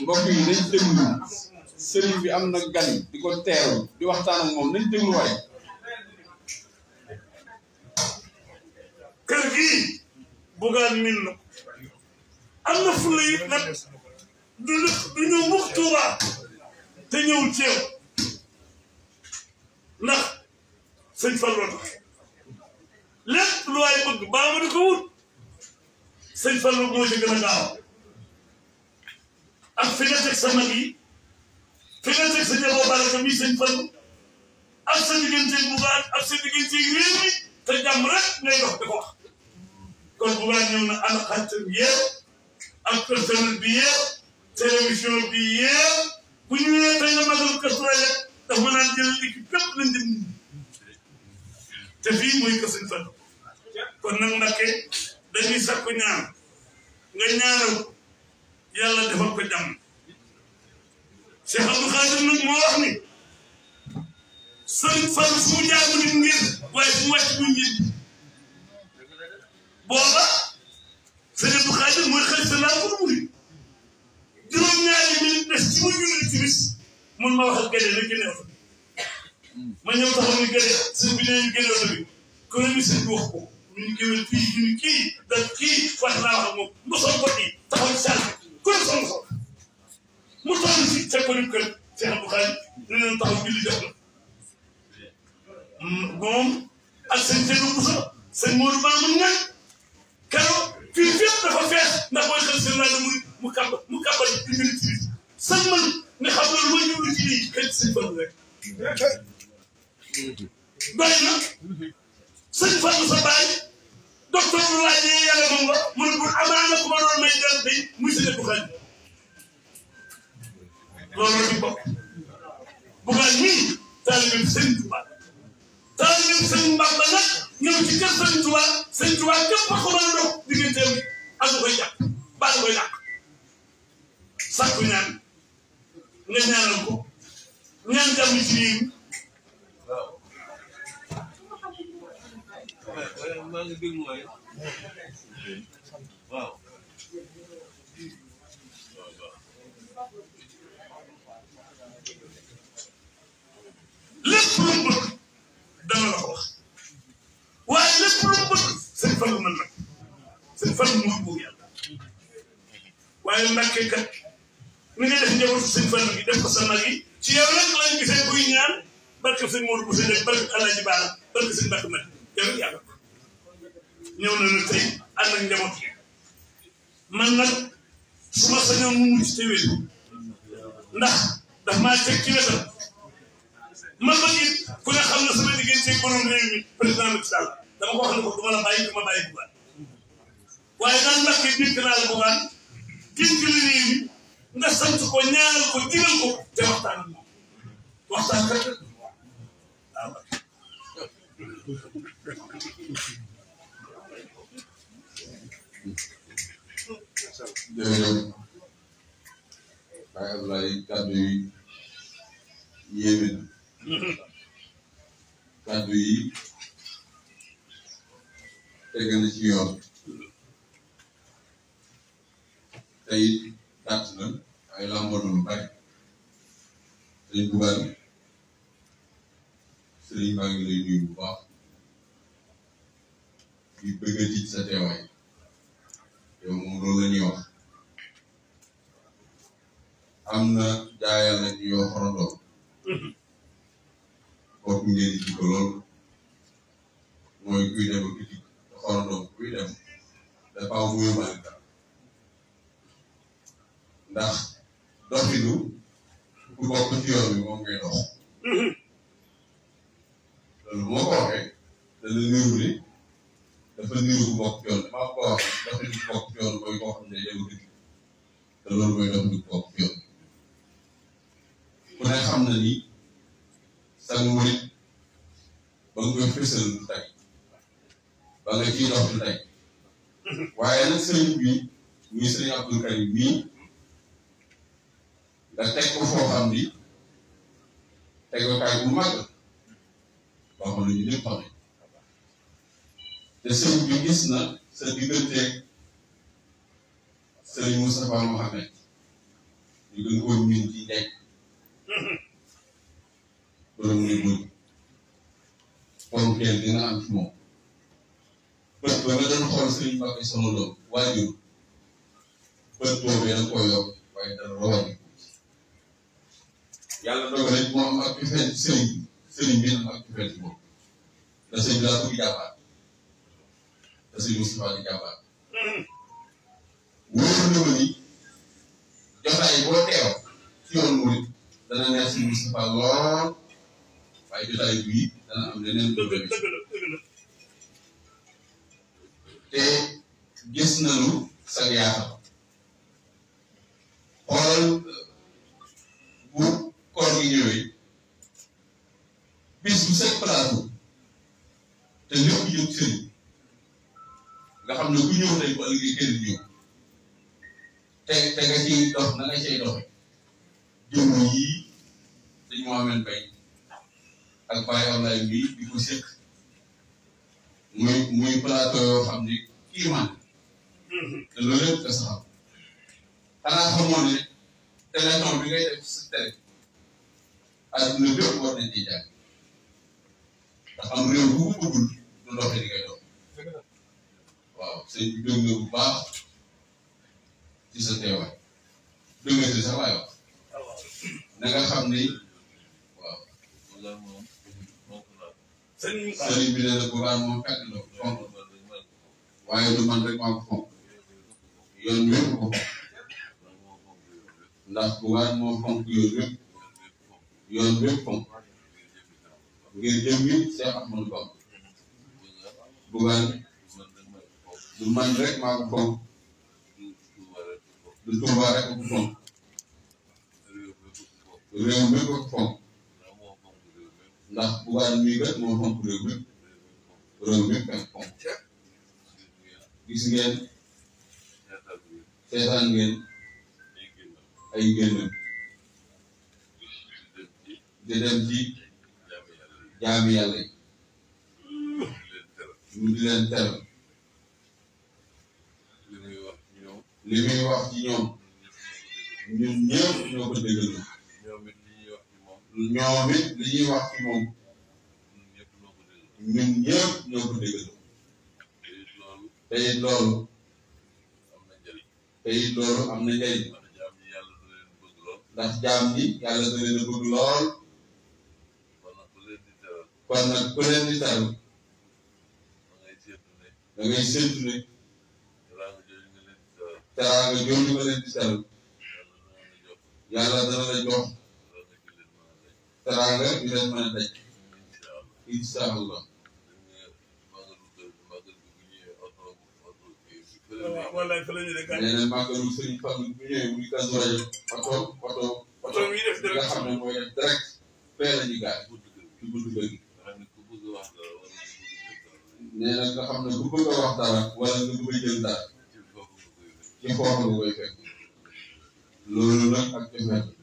mbokk yi nañ déglu sëriñ bi am na gan di ko teeru di waxtaan ak moom nañ déglu waaye kër gii buggaan min na am na fulla yit nag du du ñëw mukk Tuuba te ñëwul ceew ndax sëñ Fallu tax lépp lu waay bëgg baa ma di ko wut sëñ Fallu moo ci gën gaaw ak fi nga teg sa mag yi sa njaboot baale ko muy sëñ fan ak sa digganteeg Bougane ak sa digganteeg réew mi te jàmm ngay dox di ko wax kon Bougane ñëw na ànd xante bi yéen ak personnel bi yéen télévision bi yéen bu ñu nee tey nga magal Kazu Rajab daf ma naan jël équipe bépp lañ dem te fii mooy ko sëñ fan kon nag ndaxte dañuy sakku ñaan nga ñaanal. yàlla defal ko jàmm Cheikh Abdou Khadir nag moo wax ni sëriñ Fall fu mu jaar nit ngir waaye fu mu wàcc bu ngir booba sëriñ Abdou Khadir mooy xalifa laa ko muri juróom-ñaari minute des ci ma julli timis mun ma wax ak gëdee la gënee oto ma ñëw taxaw ni gëdee sëñ bi nee ñu gënee oto bi kon ni sëñ bi wax ko ñu ngi gëwal fii ñu ngi kii da kii wax naa wax ak moom mosoo ko kii taxaw ci salle bi ku ne soxla soxla mu toll si seen bëri kër seen bu xaaj dinañ taxaw julli def la moom ak seen jënd bu sa seen Modou Mamoun nag keroog fii fépp dafa fees ndax mooy xel seen rajo muy mu kàbb mu kàbbal di mbiri ci biir sëñ man nga xam loolu mooy ñëw ci lii xëy sëñ Fall rek doy na sëñ sa baay docteur bi waaye dañuy yàlla moom ba mu ne pour amaana ku ma doon may jàll bi muy sëñ bu xañ loolu la bokk bu baax ñii taalibe sëñ Tuubaa taalibe sëñ Bamba nag ñëw ci kër sëñ Tuubaa sëñ Tuubaa képp a xamal ndox digganteem ak lu koy jàpp baa lu koy jàpp sàkku ñaan nga ñaanal ko ñaan jàmm ci biir waaw maa ngi déglu waaye. waaye lépp lu mu bëgg sëñ Fallu mën na sëñ waaye Mbàkke kat ni nga def njabootu sëñ Fallu gi def ko sa mag yi ci yow nag lañ gisee buy ñaan barke sëñ Modou bu sëñ barke Alaaji Baara barke sëñ Mbàkke jarul yàlla ñëw na nag tey ànd ak njaboot yi man nag su ma te wér ndax daf maa teg ci wetam man ma nit ku nga xam ne sama diggante borom réew mi président Macky Sall dama ko wax ko du la bàyyi du ma bàyyi Bougane waaye daal Mbacke dénk naa la Bougane dénk la réew mi nga sant ko ñaanal ko digal ko te waxtaan ak moom waxtaan rek waaw jërëjëf Baye Abdoulaye kàddu yi yéeme na kàddu yi teg na ci yoon te it gàtt na ay làmboon lu bari sëñ Bougane sëñ maa ngi lay nuyu bu di bëggati sa teewaay yow moom am na jaayal na ci yoo mm-hmm. ngeen di ko lool mooy kuy dem ak di xorondoo kuy dem dafa am muy mànka ndax doxinu ku bokk ci yoon bi moom mm-hmm. loolu moo ko waxee dana niru dafa niru bokk ci yoon maa ko wax dafa niru bokk ci yoon koo xam ne dafa niru bokk ci yoon ku xam na ni sa murit ba nga koy fësal lu tey ba nga ciy dox lu tey waaye nga teg ko foo xam ni teg ko kaay bu mag la ne ñu ñëpp xam ne te sëñ bi gis na sa digganteeg sëriñ Moustapha Mohamed ñu gën koo ñun ci dekk borom ni muñ ponkeel bi nga am ci moom bët ba xool sëriñ Mbacke sama doom waajur bët boobee da koo yokk waaye dara rawal yàlla doog rek moom ak ci fenn bi nag ak ci fenn moom da sëñ laa bëgg Sëriñ Moustapha di jàmbaar wóor na ma ni jotaay boo teew ci yoon murit dana neex Sëriñ Moustapha lool waaye jotaay bii dana am leneen lu bëri te gis nañu sa yaatal jëfandikoo nañ te te nga dox na nga cay doxe jëmm yii dañ moo ameen bay ak bàyyi online bi di ko séq muy muy plateau yoo xam mm-hmm. ne kiimaan te loolu yëpp da saxam xanaa xamoon ne bi ngay def sa télé adduna bépp war nañ ci jàng ndax am réew bu ko bëggul du ndoxe di ngay dox sëñ bi gëm baax ci sa teewaay gëm na ci sa waay wax xam ni waaw. sëriñ bi ne la moom fekk na ko waaye du man rek maa ko yoon wépp ko ndax Quran moom fonk yoon wépp yoon wépp fonk ngir jëm yi Seex Ahmadu Bamba du man rek maa ko fonk du Touba rek ko fonk réew mi ko fonk ndax bugaan mii kat moo fonk réew mi réew mi ko fonk gis ngeen seetaan ngeen ay génnam di dem ci jaami yàlla di leen teral li muy wax ci ñoom ñun ñëpp ñoo ko déggal ñoom it li ñuy wax moom ñoom it ñoo ko déggal te it loolu te it am na njëriñ ndax jaam bi yàlla da leen a bëgg lool kon nag ku leen di teral da ngay séntu teraanga jooju ma leen di teral yàlla dana la jox teraanga bi leen mën a daj incha allah. nee na màggalu sëriñ Fallou bu ñëwee muy Kazu Rajab oto oto oto nga xam ne mooy def direct fee la ñu gaar ci buntu kër gi. nee na nga xam ne ku bëgg a wax dara wala nga bëgg a jël dara. li ko wax nga koy fekk loolu nag ak jëfandikoo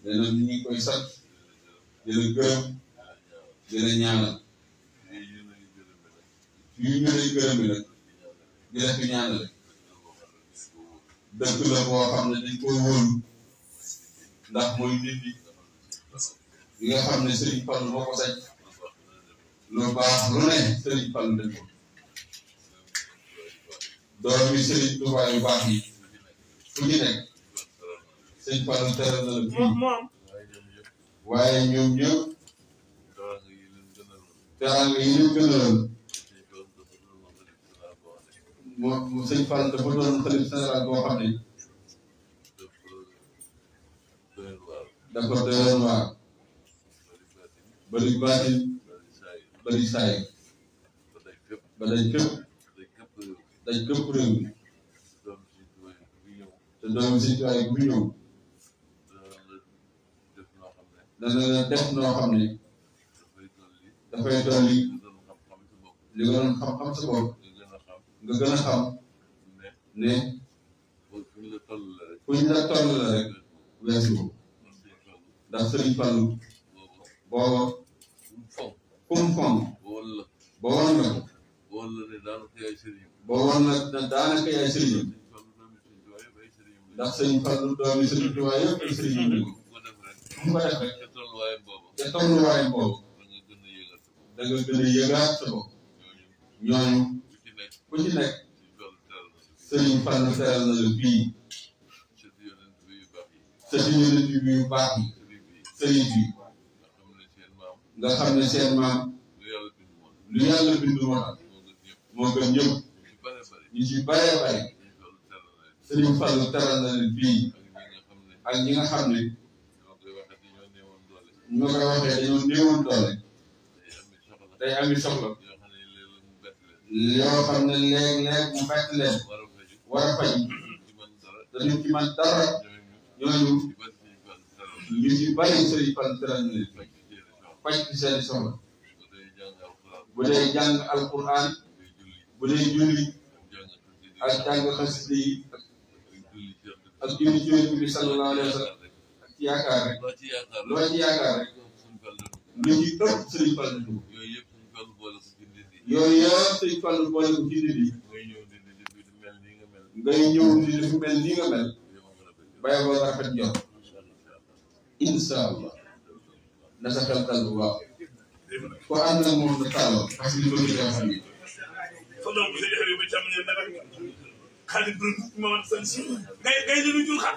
nee na ñu ngi koy sant di la gërëm di la ñaanal yu ñu lay gërëm bi nag xam ne dañ koy wóolu ndax mooy nit yi nga xam ne Serigne Fallou moo ko saj lu baax lu ne Serigne doomi Serigne Touba yu baax yi fu ci nekk sëñ Fallou teral na la fii waaye ñoom ñëpp teral yi leen gënaloon moom sëñ Fallou dafa doon xalif général boo xam ne dafa doyoon waar bëri baatin bëri saay ba daj fépp dañ gëm te doomu citoyen bu ñëw dana la def noo xam ne dafay dolli li nga xam-xam sa nga gën a xam ne fu ñu la toll la rek sëriñ Fallu booba fu mu fonk ba woon booboon nag na yaay sëriñam ndax sëñ Fallu doomi sëriñ Tuubaa yëpp ay sëriñam lañu mu ko def rek ca tolluwaayam boobu ca tolluwaayam boobu da a yëgaat sa bopp ku ci nekk sëriñ Fallu teral na la fii sa di yonent bi yu baax ne seen maam lu yàlla bindu woon moo gën ñëpp nit yu bare bare Sëriñ Fall teral na leen fii ak ñi nga xam ne ñoo koy waxee dañoo néewoon doole day ami soxla yoo xam ne léeg-léeg mu fekk leen war a faj dañu ci man dara ñooñu ñu ci bari Sëriñ Fall teral na leen faj ci seen soxla bu dee jàng alquran bu dee julli ak jàng xasida yi ak julli ci yonent bi sallallahu alayhi wa sallam ak ci yaakaar rek loo ci yaakaar boole ko ci nit yi yooyu yëpp boole ko ci nit yi ngay ñëw di def nga mel bàyyi boo rafet jox incha allah na sa xel tal bu baax moom na taaloo parce que li bëgg jamne dara xale bu dugg ma man san si ngay ngay ñu jul xal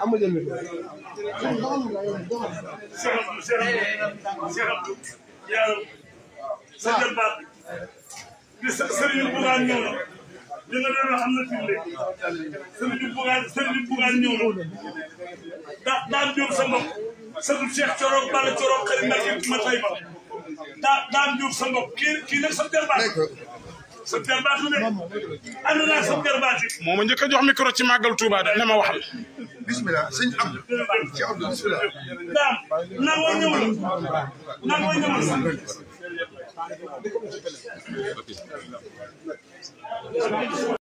am jël micro sa jëmbaat bi sëriñ Bougane ñëw na li nga doon wax am na firnde sëriñ Bougane sëriñ Bougane ñëw na da daal jóg sa mbokk sëriñ Cheikh Coro Bala Coro xarit Mbacke ma tay ba daa daal jóg sa mbokk kii kii nag sa jëmbaat sëb jarbaatu ne ànd naa sëb njëkk jox micro ci màggal Touba de ne ma waxal. bisimilah sëñ Abdou. ci Abdou